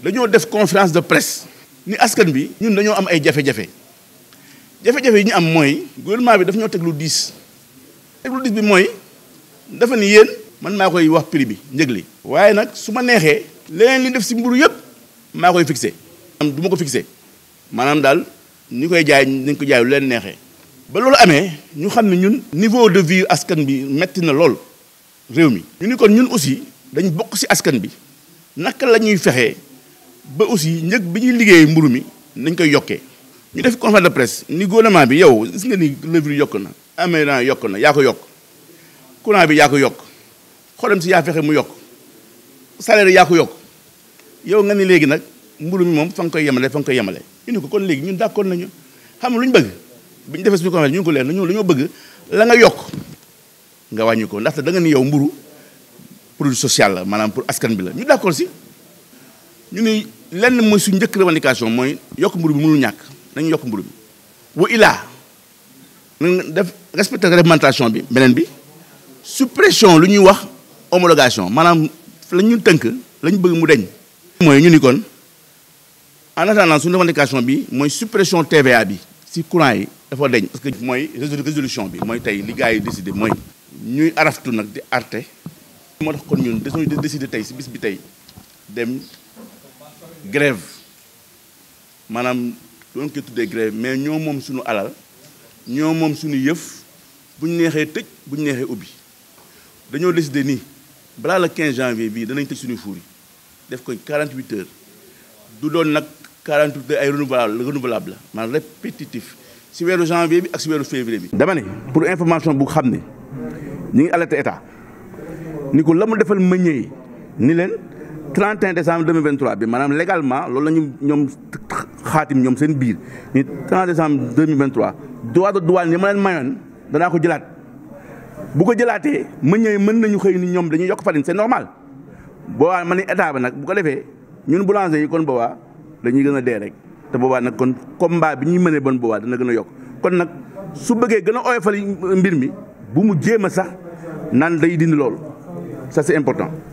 dañoo def conférence de presse ni askan bi ñun dañoo am ay jafe-jafe jafe-jafe yi ñu am mooy gouvernement bi daf ñoo teg lu diis teg lu diis bi mooy dafa ni yéen man maa koy wax prix bi njëg li waaye nag su ma neexee leneen li def si mburu yëpp maa koy fixé am du ma ko fixé maanaam daal ñu koy jaay nañ ko jaay lu leen neexee ba loolu amee ñu xam ne ñun niveau de vie askan bi metti na lool réew mi ñu ni kon ñun aussi dañ bokk si askan bi naka la ñuy fexee ba aussi njëg bi ñuy liggéey mburu mi nañ koy yokkee ñu def conférence de presse ni gouvernement bi yow gis nga ni yokk na améran yokk na yaa yokk courant bi yaa ko yokk xolam si yaa fexe mu yokk salaire yaa ko yokk yow nga ni léegi nag mburu mi moom fa nga koy yemale fa nga koy yemale ñu ko kon léegi ñun d'accord nañu xam lu bëgg bi ñu defee suñu conférence ñu ko leer nañu dañoo bëgg la nga yokk nga wàññi ko ndaxte da ni yow mburu produit social la maanaam pour askan bi la ñu d'accord si ñu ne lenn mooy suñ njëkk revendication mooy yokk mburu bi mu mënul ñàkk nañu yokk mburu bi wa ilaa nañ def respecté réglementation bi beneen bi suppression lu ñuy wax homologation maanaam la ñu tënk la ñu bëgg mu deñ mooy ñu ni kon en attendant suñu revendication bi mooy suppression TVA bi si courant yi dafa deñ parce que mooy résolution bi mooy tey li gars yi décidé mooy ñuy araftu nag di arte moo tax kon ñun dañoo décidé tey si bis bi tey grève maanaam doon koy tuddee grève mais ñoo moom suñu alal ñoo moom suñu yëf bu ñu neexee tëj bu ñu neexee ubbi dañoo décider nii balaa la 15 janvier bii danañ tëj suñu fuur yi def ko 48 heures du doon nag 48 heures ay renouvelable renouvelable man maanaam répétitif si weeru janvier bi ak si weeru février bi. dama ne pour information bu xam ne ñu ngi alerté état ni ko la mu defal meññee ni leen. 31 décembre 2023 bi maanaam légalement loolu la ñu ñoom xaatim ñoom seen biir ni 31 décembre 2023 droit de douane yi ma leen mayoon danaa ko jëlaat bu ko jëlaatee ma ñëwee mën nañu xëy ni ñoom dañuy yokk farine c'est normal boobaa ma ne état ba nag bu ko defee ñun boulanger yi kon boobaa dañuy gën a dee rek te boobaa nag kon comme combat bi ñuy mënee bon boobaa dana gën a yokk kon nag su bëggee gën a oyofal mbir mi bu mu jéem a sax naan day dindi loolu ça important